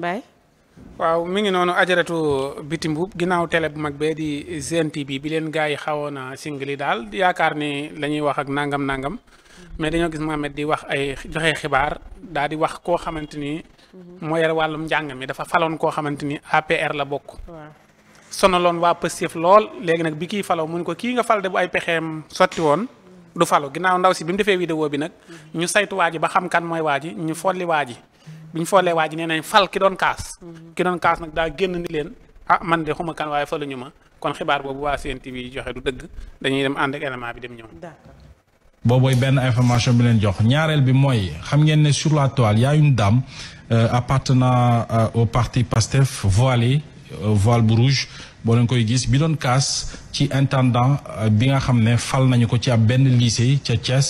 Baye. waaw mi ngi noonu ajaratu bitim buub ginnaaw télé bu mag bee di GNTV bi leen gaa yi xawoon na singli daal yaakaar ni la ñuy wax ak nangam nangam. mais dañoo gis Mohamed di wax ay joxe xibaar daal di wax koo xamante ni. Mhm. moo yore wàllum njàng mi dafa faloon koo xamante ni APR la bokk. sonaloon waa Pastef lool léegi nag bi kii falaw mun ko kii nga fal de bu ay pexeem sotti woon. du falo ginnaaw ndaw si bi mu defee vidéo bi nag. Mhm. ñu saytu waa ba xam kan mooy waa ñu folli waa bi ñu foolee waa ji nee nañ fal ki doon kaas. Mhm. ki doon kaas nag daa génn ni leen ah man de xuma kan waaye faluñu ma kon xibaar boobu waa Sen TV yi joxe du dëgg dañuy dem ànd ak élément bi dem ñëw. d'accord boobooy benn information bi leen jox ñaareel bi mooy xam ngeen ne sur la toile y a une dame euh, appartenant euh, au parti PASTEF voilée euh, voile bu rouge boo leen koy gis bi doon kaas ci intendant bi nga xam ne fal nañu ko ci ab benn lycée ca Thiès.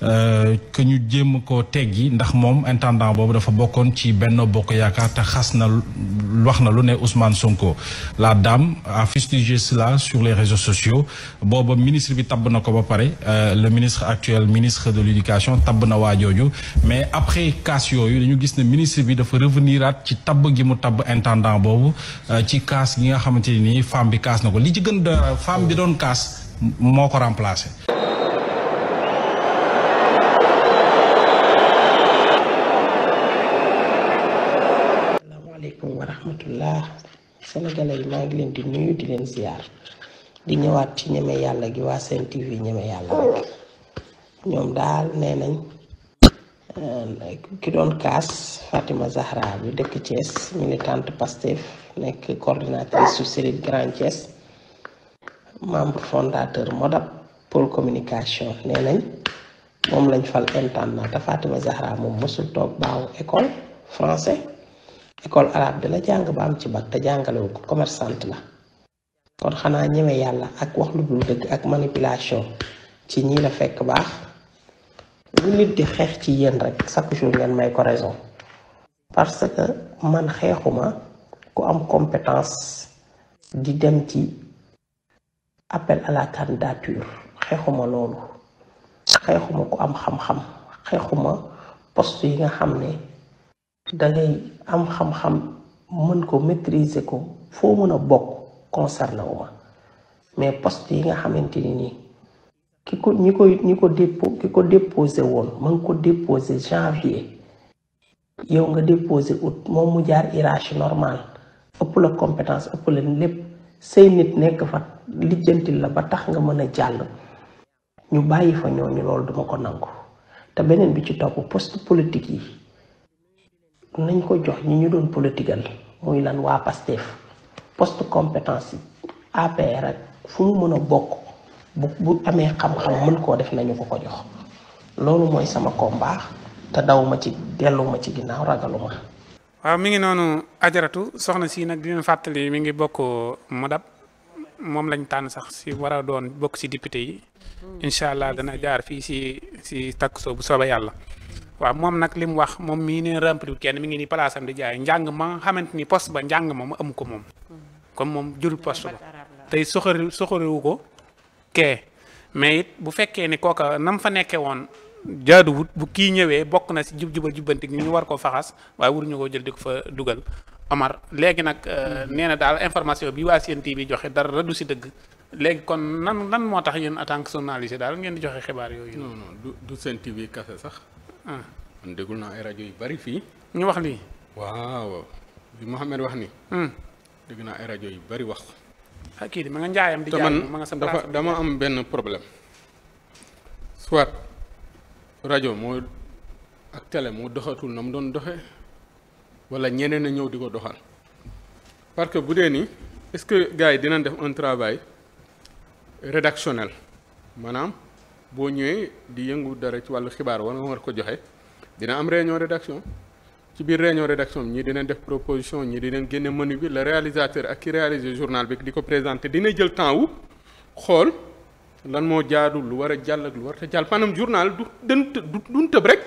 Euh, que ñu jéem teg teggi ndax moom intendant boobu dafa bokkoon ci Benno Bokk Yaakaar te xas na wax na lu ne Ousmane Sonko la dame a fustigé la sur les réseaux sociaux booba ministre bi tabb na ko ba pare euh, le ministre actuel ministre de l'éducation tabb na waa jooju mais après cas yooyu dañu gis ne ministre bi dafa reveniraat ci tabb gi mu tab intendant boobu euh, ci cas gi nga xamante ni femme bi kaas na ko li ci gën femme bi doon kaas moo ko remplacé rahmatullah sénégalais yi maa ngi leen di nuyu di leen ziar di ñëwaat ci ñeme yàlla gi waa seen TV ñeme yàlla rek ñoom daal nee nañ euh, ki doon kaas Fatima Zahra bi dëkk Thiès militante Pastef nekk coordinatrice su Sérite Grand Thiès membre fondateur Modap pôle communication nee nañ moom lañ fal intendant te Fatima Zahra moom mësul toog baawu école français. école alaat bi la jàng ba am ci bac te jàngalewu ko la kon xanaa ñeme yàlla ak wax lu dul dëgg ak manipulation ci ñii la fekk baax lu nit di xeex ci yéen rek chaque jour ngeen may ko raison parce que man xeexuma ku am compétence di dem ci appel à la xeexuma loolu xeexuma ku am xam-xam xeexuma post yi nga xam ne dangay am xam-xam mën ko maîtriser ko foo mën a bokk concerné wu ma mais poste yi nga xamante ni nii ki ko ñi ko dépo ki ko déposé woon ma ngi ko déposé janvier yow nga déposé août moom mu jaar hiérarchie normale ëpp la compétence ëpp la lépp say nit nekk fa lijjanti la ba tax nga mën a jàll ñu bàyyi fa ñooñu loolu duma ko nangu te beneen bi ci topp poste politique yi nañ ko jox ñi ñu doon politigal muy lan waa Pastef poste compétence yi APR ak fu mu mën a bokk bu bu amee xam-xam mën koo def nañu ko ko jox loolu mooy sama baax te dawuma ci dellu ci ginnaaw ragalu ma waaw mi ngi noonu ajaratu soxna si nag dina fàttali mi ngi bokk modab moom lañ tànn sax si war a doon bokk si député yi incha allah dana jaar fii si si takk soo bu soobee yàlla waaw moom nag li mu wax moom mii ne rempli kenn mi ngi nii place am di jaay njàng ma xamante ni poste ba njàng ma mu amu ko moom comme mm-hmm. moom jurul poste ba tey soxori soxoriwu ko kee mais it bu fekkee ni kooka nam fa nekkee woon jaaduwut bu kii ñëwee bokk na si jub jubal jubbanti ñu war koo faxas waaye waruñu koo jël di ko fa dugal Omar léegi nag euh, mm-hmm. nee na daal information bi waa Sen TV joxe dara du si dëgg léegi kon nan nan moo tax yéen en tant que daal ngeen di joxe xibaar yooyu. non du du Sen TV kase sax. Ah. man déggul naa ay rajo yu bari fii. ñu wax lii. waaw li wax ni hmm. dégg naa ay rajo yu bari wax. ah kii di ma njaayam di jaay ma nga dama am benn problème. soit rajo moo ak télé moo doxatul na mu doon doxe wala ñeneen ñëw di ko doxal parce que bu dee nii est-ce que gars yi dinañ def un travail rédactionnel maanaam. boo ñëwee di yëngu dara ci wàllu xibaar war nga war ko joxe dina am réunion rédaction ci biir réunion rédaction bi ñii dinañ def proposition ñii dinañ génne menu bi le réalisateur ak ki réaliser journal bi di ko présenter dina jël temps wu xool lan moo jaadul lu war a jàll ak lu war a jàll maanaam journal du dënt du duñ tëb rek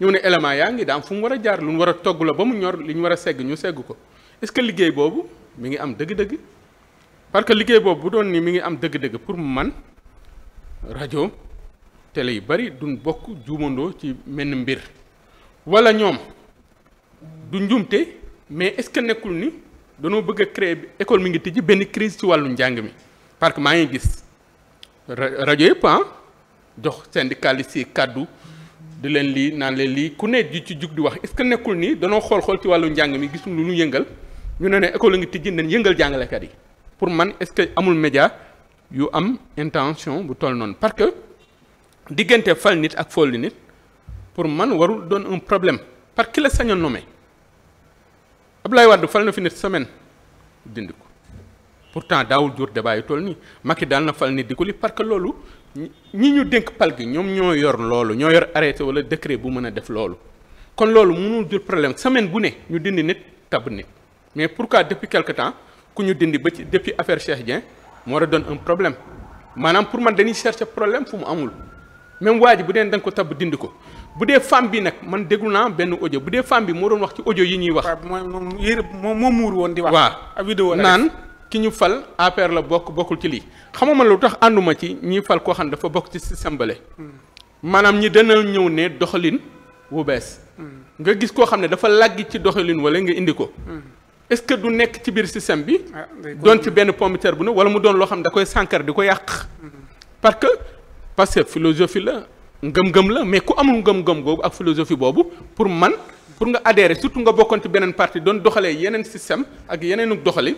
ñëw ne élément yaa ngi daam fu mu war a jaar lu mu war a togg la ba mu ñor li ñu war a segg ñu segg ko est-ce que liggéey boobu mi ngi am dëgg-dëgg parce que liggéey boobu bu doon ni mi ngi am dëgg-dëgg pour man rajo télé yu bari duñ bokk juumandoo ci menn mbir wala ñoom du njuumte mais est-ce que nekkul ni danoo bëgg a créer école mi ngi tijji benn crise ci wàllu njàng mi parce que maa ngi gis rajo yëpp ah jox syndicaliste yi kàddu di leen lii naan leen lii ku ne di ci jug di wax est-ce que nekkul ni danoo xool-xool ci wàllu njàng mi gisuñ lu ñu yëngal ñu ne ne école ngi tijji nañ yëngal jàngalekat yi pour man est-ce amul média yu am intention bu toll noonu parce que diggante fal nit ak folli nit pour man warul doon un problème parce que la sañoon nommé Abdoulaye Wade fal na fi nit semaine dindi ko pourtant daawul jur débat yu toll nii Macky daal na fal nit di ko li parce que loolu ñi ñu dénk pal gi ñoom ñoo yor loolu ñoo yor arrêté wala décret bu mën a def loolu kon loolu mënul jur problème semaine bu ne ñu dindi nit tab nit mais pourquoi depuis quelque temps ku ñu dindi ba ci depuis affaire Cheikh Dieng moo war a doon un pour man dañuy chercher problème fu mu amul. même waa ji bu dee da nga ko tabb dindi ko bu dee femme bi nag man déglu naa benn audio bu dee femme bi moo doon wax ci ojo yi ñuy wax. waaw moom yére moom moo muur woon di wax. waaw vidéo naan ki ñu fal APR la bokk bokkul ci lii xamuma man lu tax ànduma ci ñuy fal koo xam ne dafa bokk ci système bale hmm. maanaam ñi dana ñëw ne doxalin wu bees. Hmm. nga gis koo xam ne dafa lagg ci doxalin wala nga indi ko. Hmm. est-ce que du nekk ci biir système bi. Ah, doon ci benn pomme bu ne wala mu doon loo xam ne da koy sànkar di ko yàq. parce que philosophie la ngëm-ngëm la mais ku amul ngëm-ngëm googu ak philosophie boobu pour man pour nga adhérer surtout nga bokkoon ci beneen parti doon doxalee yeneen système ak yeneenu doxali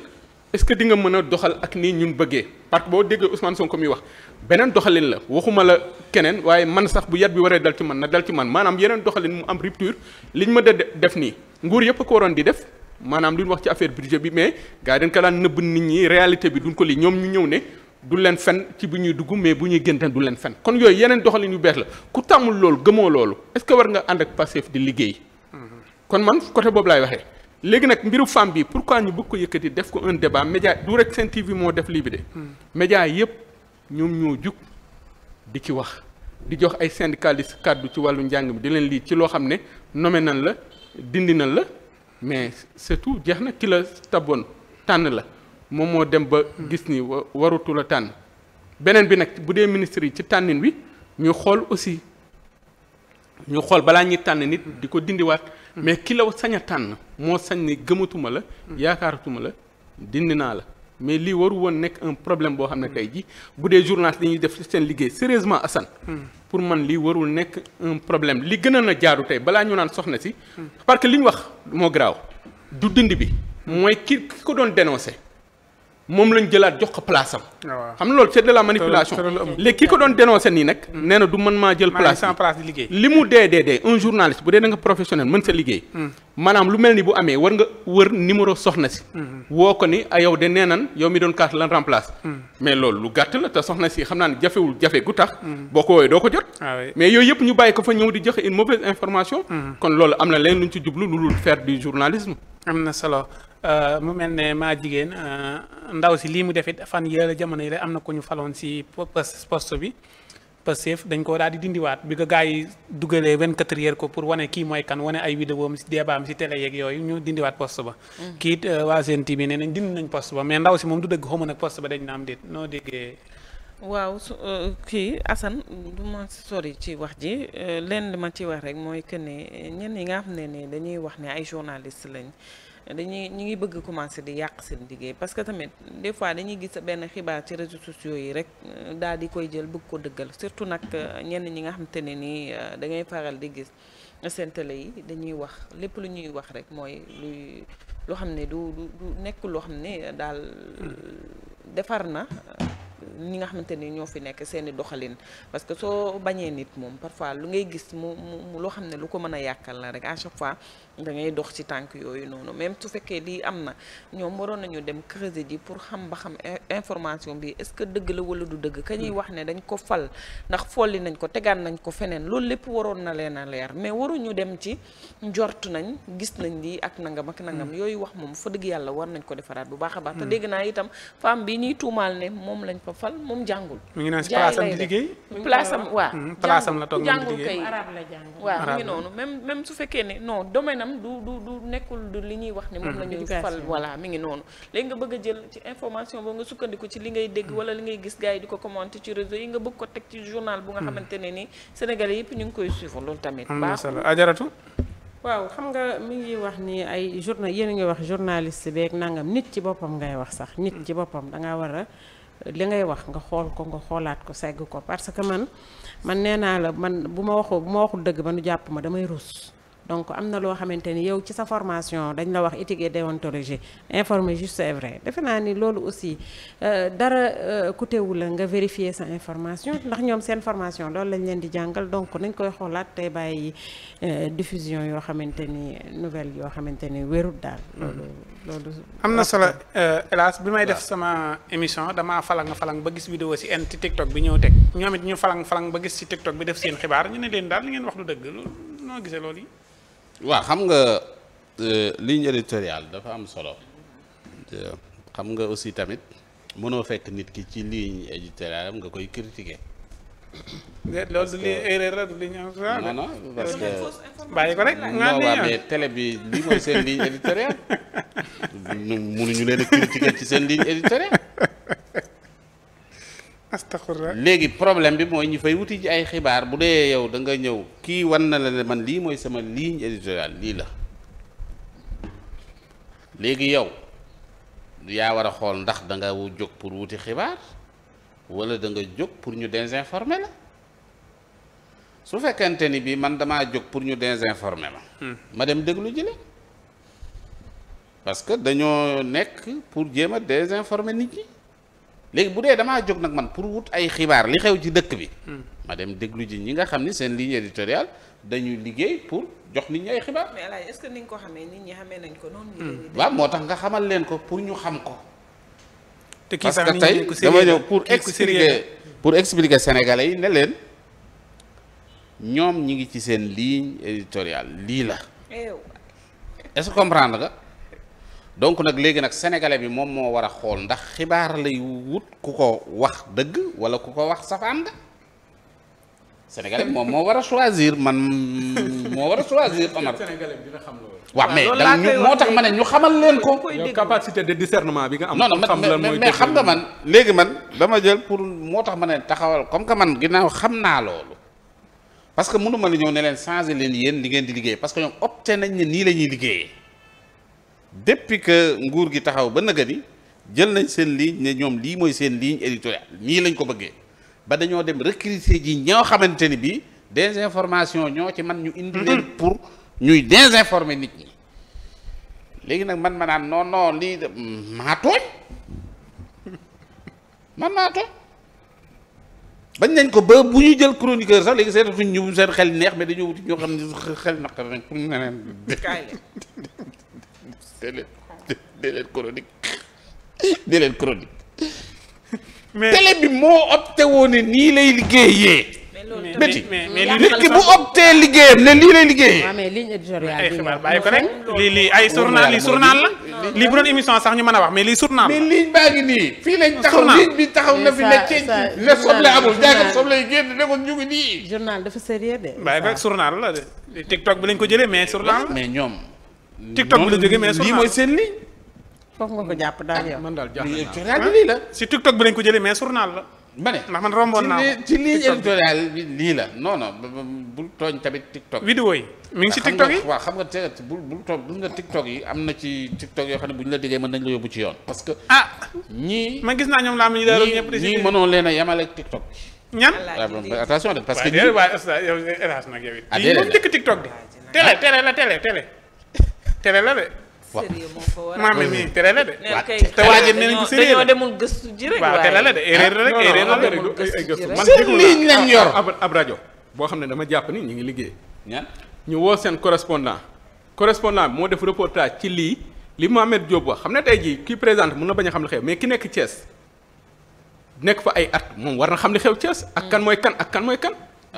est-ce di nga mën a doxal ak nii ñun bëggee parti boo déggee Ousmane Sonko muy wax beneen doxalin la waxuma la keneen waaye man sax bu yat bi waree dal ci man na dal ci man maanaam yeneen doxalin mu am rupture liñ ma def nii nguur yëpp ko waroon di def maanaam li ñu wax ci affaire budget bi mais gars yi dañ ko daan nëbb nit ñi réalité bi duñ ko lii ñu ñëw ne du leen fen ci bu ñuy dugg mais bu ñuy génte du leen fen kon yooyu yeneen doxalin yu bees la ku tàmmul loolu gëmoo loolu est-ce que war nga ànd ak Pastef di liggéey mm-hmm. kon man côté boobu laay waxee léegi nag mbiru femme bi pourquoi ñu bëgg ko yëkkati def ko un débat média du rek Sen TV moo def lii bi de mm. média yëpp ñoom ñoo jug di ci wax di jox ay syndicalistes kàddu ci wàllu njàng mi di leen lii ci loo xam ne nommé nan la dindi nan la mais surtout jeex na ki la taboon tànn la moom moo dem ba gis ni warutul a tànn beneen bi nag bu dee ministre yi ci tànnin wi ñu xool aussi ñu xool balaa ñuy tànn nit di ko dindiwaat mais ki la sañ a tànn moo sañ ni gëmatuma la yaakaaratuma la dindi naa la mais lii waru woon nekk un problème boo xam ne tey ji bu dee li dañuy def seen liggéey sérieusement Assane pour man lii warul nekk un problème li gën a na jaaru tey balaa ñu naan soxna si parce que li wax moo garaaw du dindi bi mooy ki ko doon dénoncé moom lañ jëlaat jox ko place am. Ah xam nga lool c'est de la manipulation. léegi ki ko doon dénoncé nii nag. Hmm. nee na du man maa jël place bi li mu dee dee dee un journaliste bu dee da nga professionnel mën sa liggéey. Hmm. maanaam lu mel ni bu amee war nga wër numéro soxna si. Hmm. woo ko ni a ah, yow de nee nan yow mi doon kaas lan remplace. mais loolu lu gàtt la te soxna si xam naa ne jafewul jafe gu tax. boo ko woowee doo ko jot. Ah mais yooyu yëpp ñu bàyyi ko fa ñëw di joxe une mauvaise information. kon loolu am na leen luñ ci jublu lu dul faire du journalisme. am na solo. Euh, mu mel ne maa jigéen euh, ndaw si lii mu defit fan yële jamono yi am na ko ñu faloon si poste bi Pastef dañ ko daal di dindiwaat bi ko gars yi dugalee 24 heures ko pour wane ki mooy kan wane ay vidéom si débaam si télé yeeg yooyu ñu dindiwaat poste ba mm. kii it euh, waa Sen TV nee nañ dindi nañ poste ba mais ndaw si moom du dëgg xaw ma nag poste ba dañ na am déet noo déggee waaw kii Assane du sori ci wax ji leen li ma ci wax rek mooy que ne ñenn yi nga xam ne ne dañuy wax ne ay journaliste lañ dañuy ñu ngi bëgg commencer di yàq seen liggéey parce que tamit des fois dañuy gis benn xibaar ci réseaux sociaux yi rek euh, daal di koy jël bëgg ko dëggal surtout nag euh, ñenn ñi nga xamante ni nii euh, da ngay faral di gis seen yi dañuy wax lépp lu ñuy wax rek mooy luy loo xam ne du du du nekk loo xam ne daal defar na ñi nga xamante ni ñoo fi nekk seeni doxalin parce que soo bañee nit moom parfois lu ngay gis mu mu loo xam ne lu ko mën a yàqal na rek à chaque fois da ngay dox ci tànk yooyu noonu même su fekkee lii am na ñoom waroon nañu dem creuser ji pour xam ba xam information bi est-ce dëgg la wala du dëgg ka ñuy hmm. wax ne dañ ko fal ndax folli nañ ko tegaan nañ ko feneen loolu lépp waroon na leen a leer mais waruñu dem ci njort nañ gis nañ lii ak nangam ak nangam hmm. yooyu wax moom fa dëgg yàlla war nañ ko defaraat bu baax a baax te hmm. dégg naa itam femme bi ñuy tuumaal ne moom lañ fa fal moom jàngul mu ngi naan la toog jàngul kay arab la jàngul waaw mu ngi maanaam du du du nekkul du li ñuy wax ne moom la ñuy fal voilà mi ngi noonu léegi nga bëgg a jël ci information boobu nga sukkandiku ci li ngay dégg wala li ngay gis gaa yi di ko commenté ci réseau yi nga bëgg ko teg ci journal bu nga mm-hmm. xamante ne ni Sénégalais yëpp ñu ngi koy suivre loolu tamit baax ajaratu waaw xam nga mi ngi wax ni ay journal yéen a ngi wax journaliste beeg nangam nit ci boppam ngay wax sax nit ci boppam dangaa war a li ngay wax nga xool ko nga xoolaat ko segg ko parce que man man nee naa la man bu ma waxoo bu dëgg ba nu damay rus donc am na loo xamante ni yow ci sa formation dañ la wax éthique et déontologie informé juste c'est vrai defe naa ni loolu aussi euh, dara kutewu euh, la nga vérifier sa information ndax ñoom seen formation loolu lañ leen di jàngal donc nañ koy xoolaat tey bàyyi euh, diffusion yoo xamante ni nouvelle yoo xamante ni wérut daal mm-hmm. loolu loolu am na solo hélas bi may def sama émission damaa falang falang ba gis vidéo si en ci TikTok bi ñëw teg ñoom it ñu falang falang ba gis si TikTok bi seen xibaar ñu ne leen daal li wax du dëgg loolu noo gisee loolu waa xam nga euh, ligne éditoriale dafa am solo euh, xam nga aussi tamit mënoo fekk nit ki ci ligne éditoriale am nga koy critiquer loolu du ligne erreur la que bàyyi télé bi lii mooy seen ligne éditoriale mënuñu leen critiquer ci seen ligne éditoriale astaxfirullah léegi problème bi mooy ñu fay wuti ji ay xibaar bu dee yow da nga ñëw kii wan na la ne man lii mooy sama ligne éditoriale lii la léegi yow yaa war a xool ndax da nga jóg pour wuti xibaar wala da nga jóg pour ñu désinformer la su fekkente ni bi man damaa jóg pour ñu désinformer ma hmm. ma dem déglu ji la parce que dañoo nekk pour jéem a désinformer nit ñi léegi bu dee damaa jóg nag man pour wut ay xibaar li xew ci dëkk bi. Hmm. ma dem déglu ji ñi nga xam ni seen ligne éditoriale dañuy liggéey pour jox nit ñi ay xibaar. mais alaay ce que ni nga ko xamee nit ñi xamee nañ ko noonu. Hmm. moo tax nga xamal leen ko pour ñu xam ko. te kii parce que tey dama ñëw pour expliquer pour expliquer sénégalais yi ne leen ñoom ñi ngi ci seen ligne éditoriale lii la. Eh est comprendre nga. donc nag léegi nag sénégalais bi moom moo war a xool ndax xibaar lay wut ku ko wax dëgg wala ku ko wax safaan la sénégalais bi moom moo war a choisir man moo war a choisir Omar. xam loolu. waaw mais da moo tax ma ne ñu xamal leen ko. capacité de discernement bi nga am. xam lan mooy mais xam nga man léegi man dama jël pour moo tax ma ne taxawal comme que man ginnaaw xam naa loolu. parce que mënu ma la ñëw ne leen changer leen yéen li ngeen di liggéey parce que ñoom opté nañ ne nii la ñuy liggéeyee. depuis que nguur gi taxaw ba naga jël nañ seen ligne ne ñoom lii mooy seen ligne éditoriale nii lañ ko bëggee ba dañoo dem recruter ji ñoo xamante ni bii information ñoo ci man ñu indi mhm. pour ñuy désinformer nit ñi léegi nag man ma naan non non lii maa tooñ man maa tooñ bañ nañ ko ba bu ñu jël chroniqueur sax léegi seetatuñ ñu seen xel neex mais dañoo wuti ñoo xam ne xel naqar nañ pour ñu ne leen dee leen leen chronique dee leen chronique. mais télé bi moo opté woon nii lay liggéeyee. mais mais nit ki bu opté liggéeyam ne lii lay liggéeyee. waaw mais ligne éditoriale ay xibaar bàyyi ko rek lii lii ay journal lii journal la. lii bu doon émission sax ñu mën a wax mais lii journal la. mais ligne baa ngi nii. fii lañ taxaw ligne bi taxaw na fi nekk ci ne soble amul jaakam soble yi génn nekkoon ñu ngi nii. journal dafa sérieux de. bàyyi ko journal la de TikTok bi lañ ko jëlee mais journal. mais ñoom. TikTok bi la jógee mais lii mooy seen ligne. foofu ah, man daal jàpp naa lii la. si ko jëlee mais journal la. ma ne ndax man romboon naa lii la non non bul tooñ tamit TikTok. vidéo yi mu ngi si ah, TikTok yi waaw xam nga tey bul bul toog bul nga TikTok yi am na ci TikTok yoo xam ne bu ñu la déggee mën nañ la yóbbu ci yoon. parce que ah. ñii man gis naa ñoom laa am ñu daal ñëpp. di ñii a ñan ah, attention de parce que. waaw déedéet waay yow nag yow it. ah déedéet la télé télé. télé la de. te waa ji nee nañu sérieux dañoo demul gëstu ji la de la rek erreur la rek. man déglu liñ leen yor ab ab rajo boo xam ne dama jàpp ni ñu ngi liggéey. ñaan ñu woo seen correspondant correspondant bi moo def reportage ci lii li Mohamed Diop wax xam ne day jii kii présente mun na bañ a xam li xew mais ki nekk cees nekk fa ay at moom war na xam li xew Thiès. ak kan mooy kan ak kan mooy kan.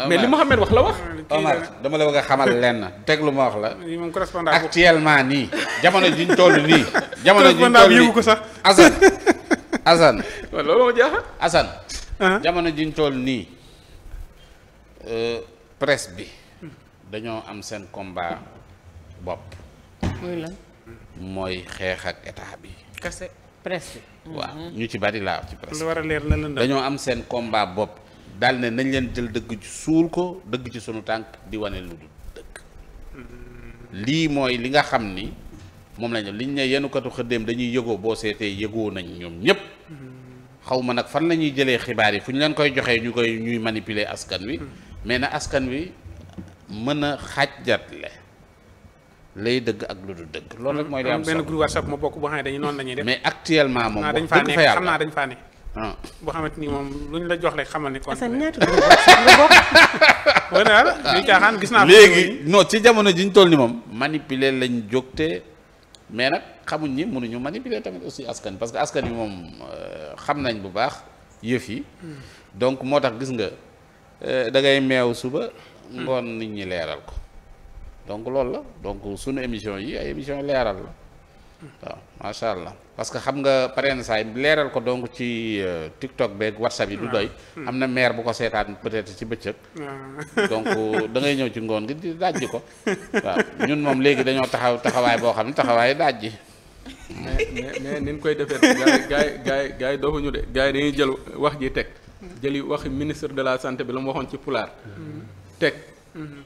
mais li ma Mouhamed wax la wax. Omar dama la bëgg a xamal lenn teg lu ma wax la. actuellement nii. jamono jiñ toll nii. jamono jiñ toll nii ko sax. Assane Assane. waaw loolu moo jaaxal. Assane. Uh-huh. jamono jiñ toll nii euh, presse bi dañoo am seen combat bopp. mooy xeex ak état bi. kese presse mm-hmm. ñu ci bari laa ci presse. lu war dañoo am seen combat bopp. daal ne nañ leen jël dëgg ci suul ko dëgg ci sunu tànk di wane lu dul dëgg lii mooy li nga xam ni moom lañ liñ ne yenukatu xëddéem dañuy yëgoo boo seetee yëgoo nañ ñoom ñëpp xaw ma nag fan la ñuy jëlee xibaar yi fu ñu leen koy joxee ñu koy ñuy manipile askan wi mais na askan wi mën a xaajale lay dëgg ak lu du dëgg. loolu rek mooy li am solo ma bokk boo xam dañu noonu la ñuy def. mais actuellement moom wax dëgg naa dañ fa ne Ah. boo xamante ni moom ñu la jox rek xamal ni. kon ñaata la caaxaan gis naa. léegi non ci jamono ji ñu toll ni moom. manipuler lañ jógte mais nag xamuñ ni mënuñu manipuler tamit aussi askan parce que askan yi moom euh, xam nañ bu baax yëf yi. Hmm. donc moo tax gis nga euh, da ngay meew suba. Hmm. ngoon nit ñi leeral ko. donc loolu la donc sunu émission yi ay émission leeral la. waaw macha allah parce que xam nga pareen saay leeral ko donc ci euh, TikTok beeg WhatsApp yi du doy. Hmm. am na maire bu ko seetaan peut-être ci bëccëg. donc euh, dangay ñëw ci ngoon gi di daaj ko waaw ñun moom léegi dañoo taxaw taxawaay boo xam ne taxawaay daaj ji. mais mais ni ñu koy defee gaa yi gaa yi gaa yi de gaa dañuy jël wax ji teg. jëli waxi ministre de la santé bi la mu waxoon ci pulaar. Hmm. teg. Hmm.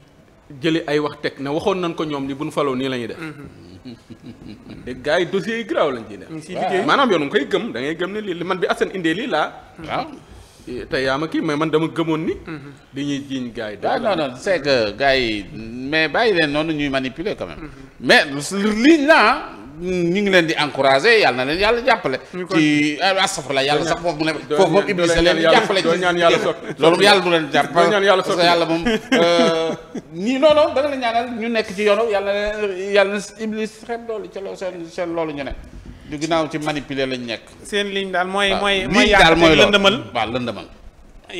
jëli ay wax teg ne waxoon nañ ko ñoom ni buñ faloo nii la ñuy def. de mm-hmm. gars yi dossiers yi garaaw lañ ciy def. Mm-hmm. maanaam yow koy gëm da ngay gëm ne lii man bi Assane indee lii laa. waaw te yaa ma kii may man dama gëmoon ni. li mm-hmm. ñuy jiiñ gaa yi. waaw non non gars yi mais bàyyi leen noonu ñuy manipuler quand mais liñ la ñu ngi leen di encouragé yàlla na leen yàlla jàppale. ci astafurlah yàlla sax foofu mu ne. foofu moom iblis a leen jàppale ci loolu yàlla du leen jàpp. doo ñaan yàlla parce que yàlla moom. Euh, nii non non da nga la ñaanal ñu nekk ci yoonu yàlla na yàlla na iblis xeeb loolu ca loo seen seen loolu ñu ne. du ginnaaw ci manipuler lañ nekk. seen ligne daal mooy mooy. mooy yàq te lëndëmal waaw lëndëmal.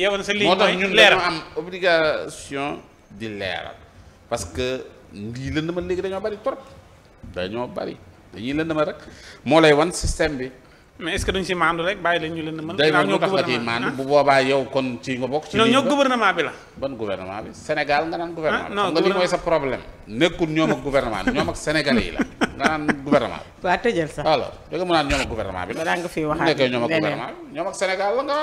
yow sa ligne mooy ñun dañoo am obligation di leeral parce que lii lëndëmal léegi dañoo bari trop dañoo bari dañuy lëndëmal rek moo lay wan système bi. mais est-ce que duñ ci maandu rek bàyyi la ñu leen mën. day ñoo tax ah? boobaa yow kon ci nga bi la. ban gouvernement bi Sénégal nga naan gouvernement. Ah, non nga li mooy sa problème. nekkul ñoom ak gouvernement ñoom ak la nga naan gouvernement bi. waa tëjal sax alors da nga mën naan ñoom ak gouvernement bi. balaa nga fi waxaat nekkee ñoom ak gouvernement bi ñoom ak Sénégal la nga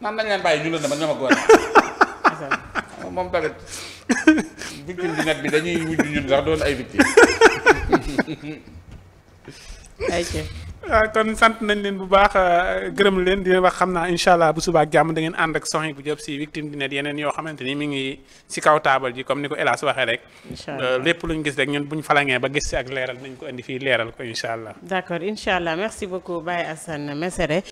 naan leen bàyyi ñu leen mën ñoom ak gouvernement moom tamit victime bi net bi dañuy mujj ñun sax doon ay victime Ah, kon sant nañ leen bu baax ah, gërëm leen di leen wax xam naa incha allah bu subaa jàmm da ngeen ànd ak soxna bu jëm si victime di yeneen yoo xamante ni mi ngi si kaw taabal ji comme ni ko Elaas waxee rek. incha allah euh, lépp luñ gis rek ñu buñ falangee ba gis si ak leeral nañ ko indi fii leeral ko incha allah. d'accord incha allah merci beaucoup Baye Assane Mesere